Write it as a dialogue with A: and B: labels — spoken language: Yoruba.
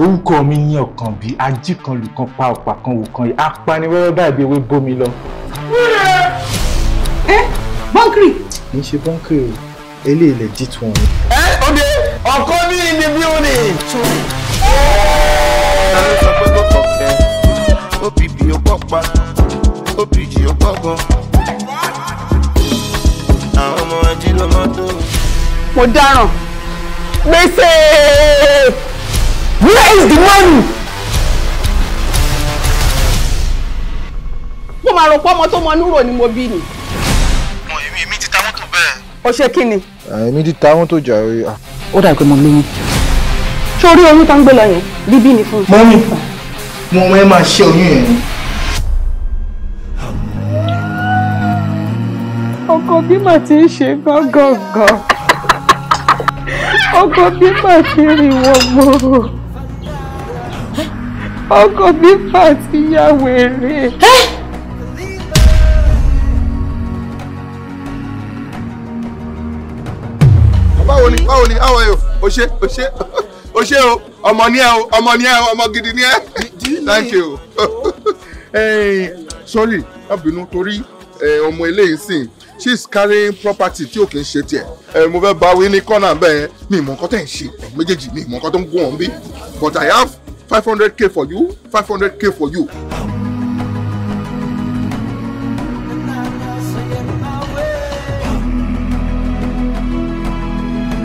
A: orúkọ mi ní ọkàn bíi ají kan lù kan pa ọ̀pá kan wò kan yìí apaniwẹ́rẹ́ báyìí ewé bómi lọ. ẹ bọ́ńkìrì. kì í ṣe bọ́ńkìrì o eléyìí lè jí tu wọn. ẹ òde ọkọ ní ìní bí ó ní. òbíbi ó kọ pa òbíjì ó kọ gan. àwọn ọmọ ajílọ́mọ́tò. mo dáràn gbèsè. Where is the money? Mo máa rò pé ọmọ tó mọ núrò ni mo bí ni. Mo èmi èmi ti ta mọ́tò bẹ́ẹ̀. O ṣe kí ni? Èmi ti ta mọ́tò jàre. Ó dà pé mo lóyún. Ṣé orí oyún tá ń gbé lọ yẹn? Bíbí ni fún mi. Mọ́mí, mo mọ ẹ máa ṣe oyún yẹn ni. ọkọ bí mà ti ń ṣe gángan ọkọ bí mà ti rìn wọ́n ọkọ mi fà ti ya wèrè. báwo ni báwo ni how are you o ṣe o ṣe o ṣe o ọmọ ni ẹ o ọmọ ni ẹ o ọmọ gidi ni ẹ thank you sorry má bínú torí ọmọ eléyìí sìn she's carrying property tí o kì í ṣe tiẹ̀ ẹ mo fẹ́ bá wí ní kọ́nà bẹ́ẹ̀ mi ìmọ̀ nǹkan tẹ̀ ń ṣe méjèèjì mi ìmọ̀ nǹkan tó ń gún ọ̀hún bí but I have 500k for you 500k for you.